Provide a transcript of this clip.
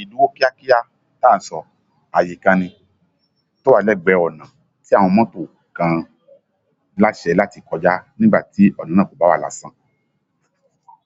Ìdúró kíákíá tá à ń sọ, àyè kan ni tó wà lẹ́gbẹ̀ẹ́ ọ̀nà tí àwọn mọ́tò kan láṣẹ láti kọjá nígbà tí ọ̀nà náà kò bá wà lásán